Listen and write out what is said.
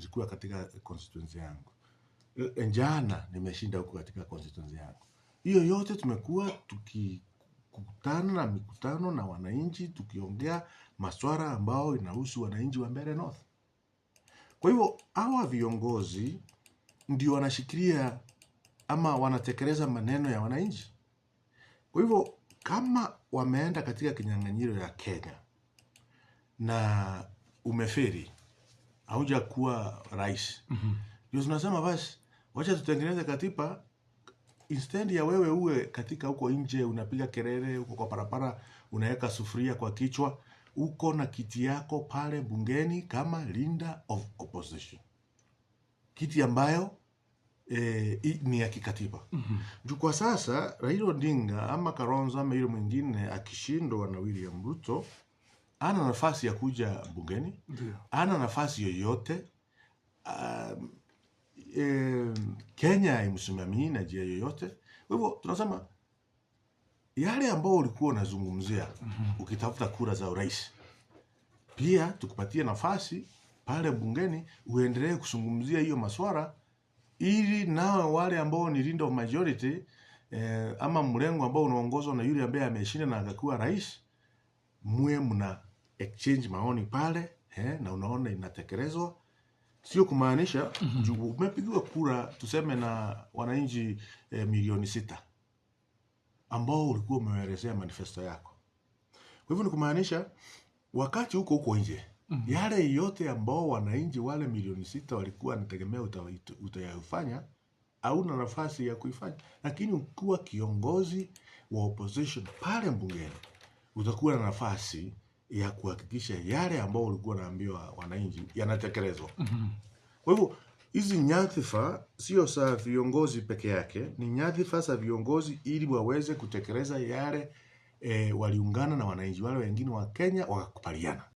zikuwa katika constituency yangu, eh, njana nimeshinda huko katika constituency yangu. Hiyo yote tumekuwa tukikutana na mikutano na wananchi, tukiongea maswara ambao inahusu wananchi wa mbere North. Kwa hivyo hawa viongozi ndio wanashikilia ama wanatekeleza maneno ya wananchi. Kwa hivyo kama wameenda katika kinyang'anyiro ya Kenya na umeferi haujakuwa rais mhm. ndio mm -hmm. tunasema basi wacha tutengeneze katiba instead ya wewe uwe katika huko nje unapiga kelele huko kwa parapara unaweka sufuria kwa kichwa uko na kiti yako pale bungeni kama leader of opposition kiti ambayo e, ni ya kikatiba mm -hmm. juu kwa sasa Raila Odinga ama Karonzo ama yule mwingine akishindwa na William Ruto ana nafasi ya kuja bungeni Ndiyo. ana nafasi yoyote um, e, Kenya haimsimamii na jia yoyote. Kwa hivyo tunasema yale ambao ulikuwa unazungumzia mm -hmm. ukitafuta kura za urais, pia tukupatie nafasi pale bungeni uendelee kuzungumzia hiyo maswara, ili nawe wale ambao ni linda majority eh, ama mrengo ambao unaongozwa na yule ambaye ameshinda na akakuwa rais, mwe mna exchange maoni pale eh, na unaona inatekelezwa, sio kumaanisha mm -hmm. umepigiwa kura tuseme na wananchi eh, milioni sita ambao ulikuwa umewaelezea manifesto yako. Kwa hivyo ni kumaanisha wakati huko huko nje mm -hmm. yale yote ambao wananchi wale milioni sita walikuwa wanategemea utayafanya hauna nafasi ya kuifanya, lakini ukiwa kiongozi wa opposition pale bungeni utakuwa na nafasi ya kuhakikisha yale ambao ulikuwa naambiwa wananchi yanatekelezwa. mm -hmm. Kwa hivyo hizi nyadhifa sio za viongozi peke yake, ni nyadhifa za viongozi ili waweze kutekeleza yale e, waliungana na wananchi wale wengine wa Kenya wakakubaliana.